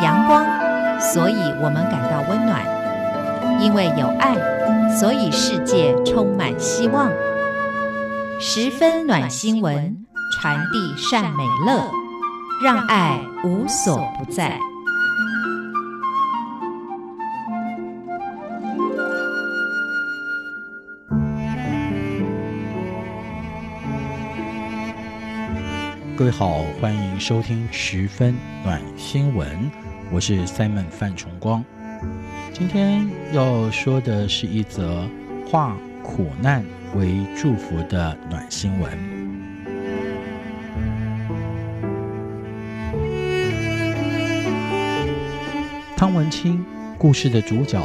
陽光，所以我們感到溫暖；因為有愛，所以世界充滿希望。十分暖新聞，傳遞善美樂，讓愛無所不在。各位好，歡迎收聽《十分暖新聞》。我是 Simon 范崇光，今天要說的是一則化苦難為祝福的暖新聞。蕭文清故事的主角，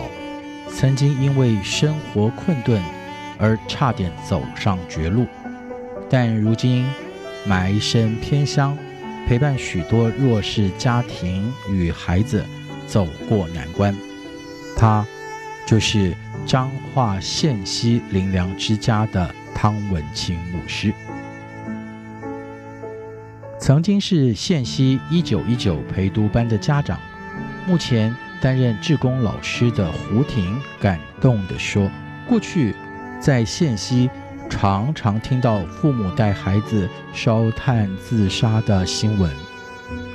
曾經因為生活困頓而差點走上絕路，但如今埋身偏鄉，陪伴許多弱勢家庭與孩子走過難關，他就是彰化縣線西靈糧之家的蕭文清牧師，曾經是線西一九一九陪讀班的家長，目前擔任志工老師的胡婷感動地說：“過去在線西。”常常聽到父母帶孩子燒炭自殺的新聞，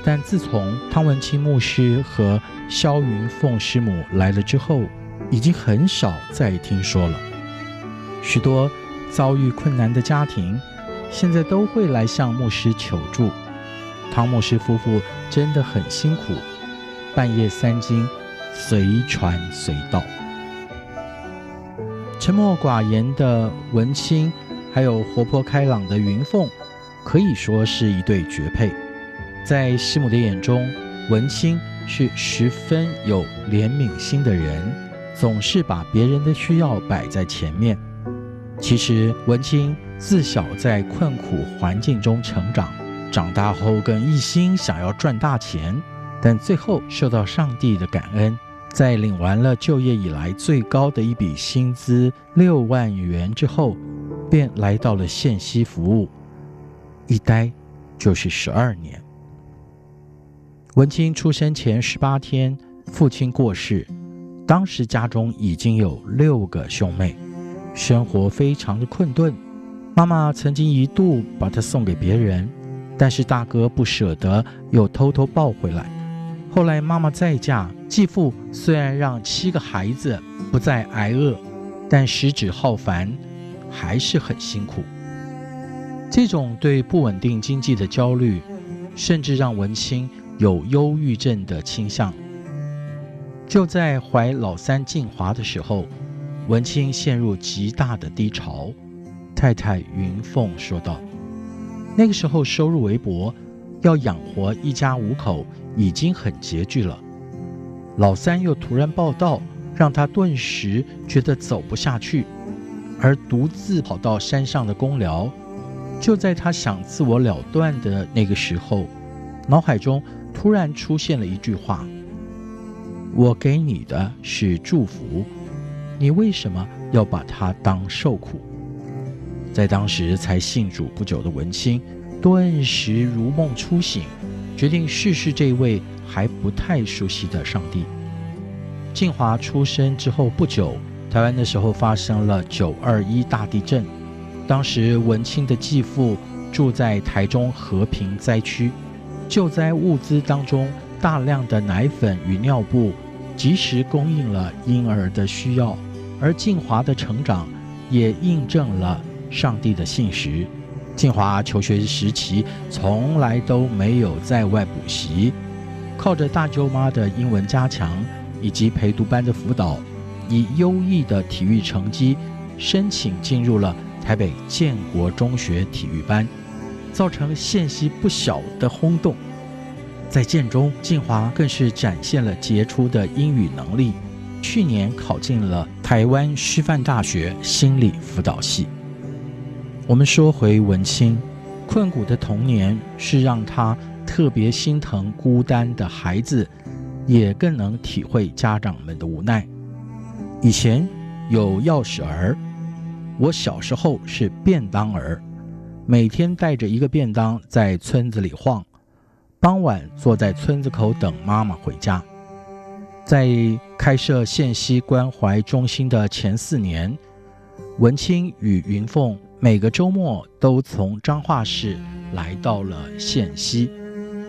但自從湯文清牧師和蕭雲鳳師母來了之後，已經很少再聽說了。許多遭遇困難的家庭，現在都會來向牧師求助。湯牧師夫婦真的很辛苦，半夜三更，隨傳隨到。沉默寡言的文清，還有活潑開朗的雲鳳，可以說是一對絕配。在師母的眼中，文清是十分有憐憫心的人，總是把別人的需要擺在前面。其實，文清自小在困苦環境中成長，長大後更一心想要賺大錢，但最後受到上帝的感恩。在領完了就業以來最高的一筆薪資六萬元之後，便來到了線西服務，一待就是十二年。文清出生前十八天，父親過世，當時家中已經有六個兄妹，生活非常的困頓。媽媽曾經一度把他送給別人，但是大哥不捨得，又偷偷抱回來。後來媽媽再嫁。繼父雖然讓七個孩子不再挨餓，但食指浩繁，還是很辛苦。這種對不穩定經濟的焦慮，甚至讓文清有憂鬱症的傾向。就在懷老三靜華的時候，文清陷入極大的低潮。太太雲鳳說道：“那個時候收入微薄，要養活一家五口已經很拮据了。”老三又突然報到，讓他頓時覺得走不下去，而獨自跑到山上的工寮，就在他想自我了斷的那個時候，腦海中突然出現了一句話：“我給你的，是祝福，你為什麼要把它當受苦？”在當時才信主不久的文清，頓時如夢初醒，決定試試這位，還不太熟悉的上帝。靜華出生之後不久，台灣那時候發生了九二一大地震。當時文清的繼父住在台中和平災區，救災物資當中大量的奶粉與尿布，及時供應了嬰兒的需要。而靜華的成長也印證了上帝的信實。靜華求學時期，從來都沒有在外補習。靠着大舅媽的英文加強，以及陪讀班的輔導，以優異的體育成績申請進入了台北建國中學體育班，造成了線西不小的轟動。在建中，晉華更是展現了傑出的英語能力，去年考進了台灣師範大學心理輔導系。我們說回文清，困苦的童年是讓他。特別心疼孤單的孩子，也更能體會家長們的無奈。以前有鑰匙兒，我小時候是便當兒，每天帶着一個便當在村子裡晃，傍晚坐在村子口等媽媽回家。在開設線西關懷中心的前四年，文清與雲鳳每個周末都從彰化市來到了線西。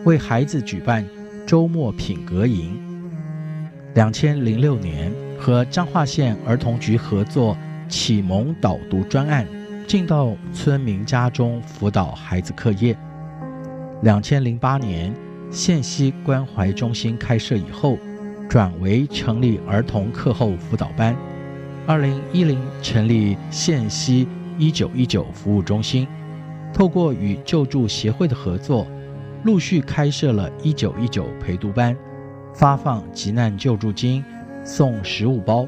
為孩子舉辦周末品格營。兩千零六年和彰化縣兒童局合作啟蒙導讀專案，進到村民家中輔導孩子課業。兩千零八年線西關懷中心開設以後，轉為成立兒童課後輔導班。二零一零成立線西一九一九服務中心，透過與救助協會的合作。陸續開設了“一九一九”陪讀班，發放急難救助金，送食物包。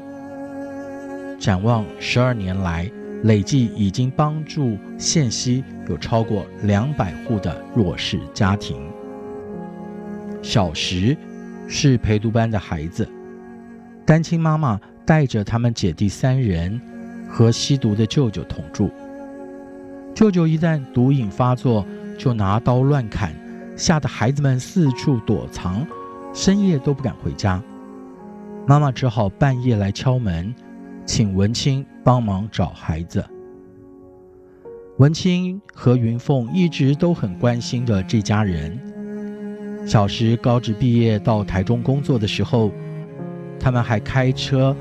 展望，十二年來，累計已經幫助線西有超過兩百戶的弱勢家庭。小石是陪讀班的孩子，單親媽媽帶着他們姐弟三人和吸毒的舅舅同住，舅舅一旦毒癮發作，就拿刀亂砍。嚇得孩子們四處躲藏，深夜都不敢回家。媽媽只好半夜來敲門，請文清幫忙找孩子。文清和雲鳳一直都很關心着這家人。小石高職畢業到台中工作的時候，他們還開車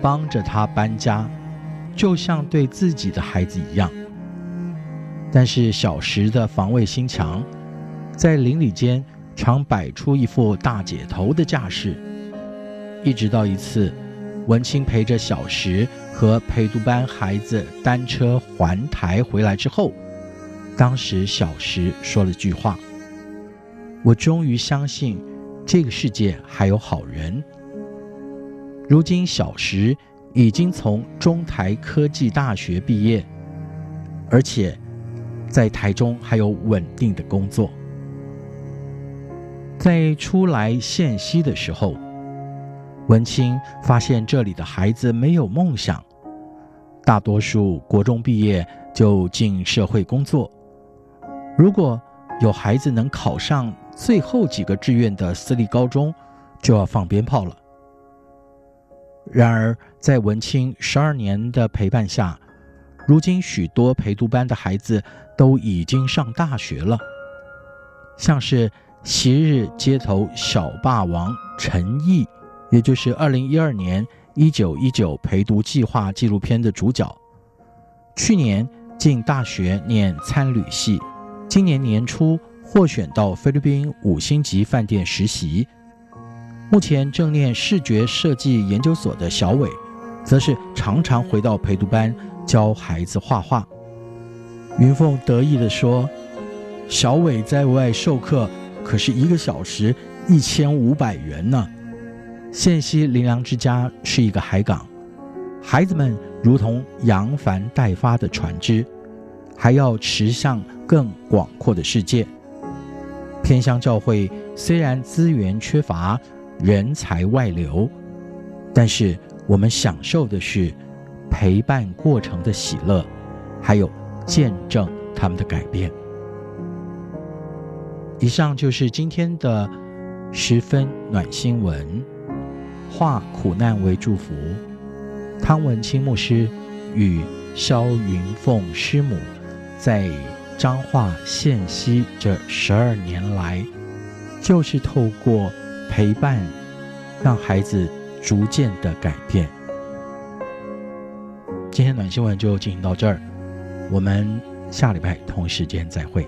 幫着他搬家，就像對自己的孩子一樣。但是小石的防衛心強。在鄰里間常擺出一副大姐頭的架勢，一直到一次，文清陪着小石和陪讀班孩子單車環台回來之後，當時小石說了句話：“我終於相信這個世界還有好人。”如今，小石已經從中台科技大學畢業，而且在台中還有穩定的工作。在初來線西的時候，文清發現這裡的孩子沒有夢想，大多數國中畢業就進社會工作。如果有孩子能考上最後幾個志願的私立高中，就要放鞭炮了。然而，在文清十二年的陪伴下，如今許多陪讀班的孩子都已經上大學了，像是。昔日街頭小霸王陳毅，也就是2012年 “1919 陪讀計劃”紀錄片的主角，去年進大學念餐旅系，今年年初獲選到菲律賓五星級飯店實習，目前正念視覺設計研究所的小偉，則是常常回到陪讀班教孩子畫畫。雲鳳得意地說：“小偉在外授課。”可是，一個小時一千五百元呢。線西林良之家是一個海港，孩子們如同揚帆待發的船隻，還要駛向更廣闊的世界。偏鄉教會雖然資源缺乏，人才外流，但是我們享受的是陪伴過程的喜樂，還有見證他們的改變。以上就是今天的十分暖新聞，化苦難為祝福。蕭文清牧師與蕭雲鳳師母在彰化線西這十二年來，就是透過陪伴，讓孩子逐漸的改變。今天暖新聞就進行到這兒，我們下禮拜同時間再會。